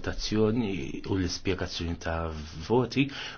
votazzjoni u l-ispjegazzjoni ta' voti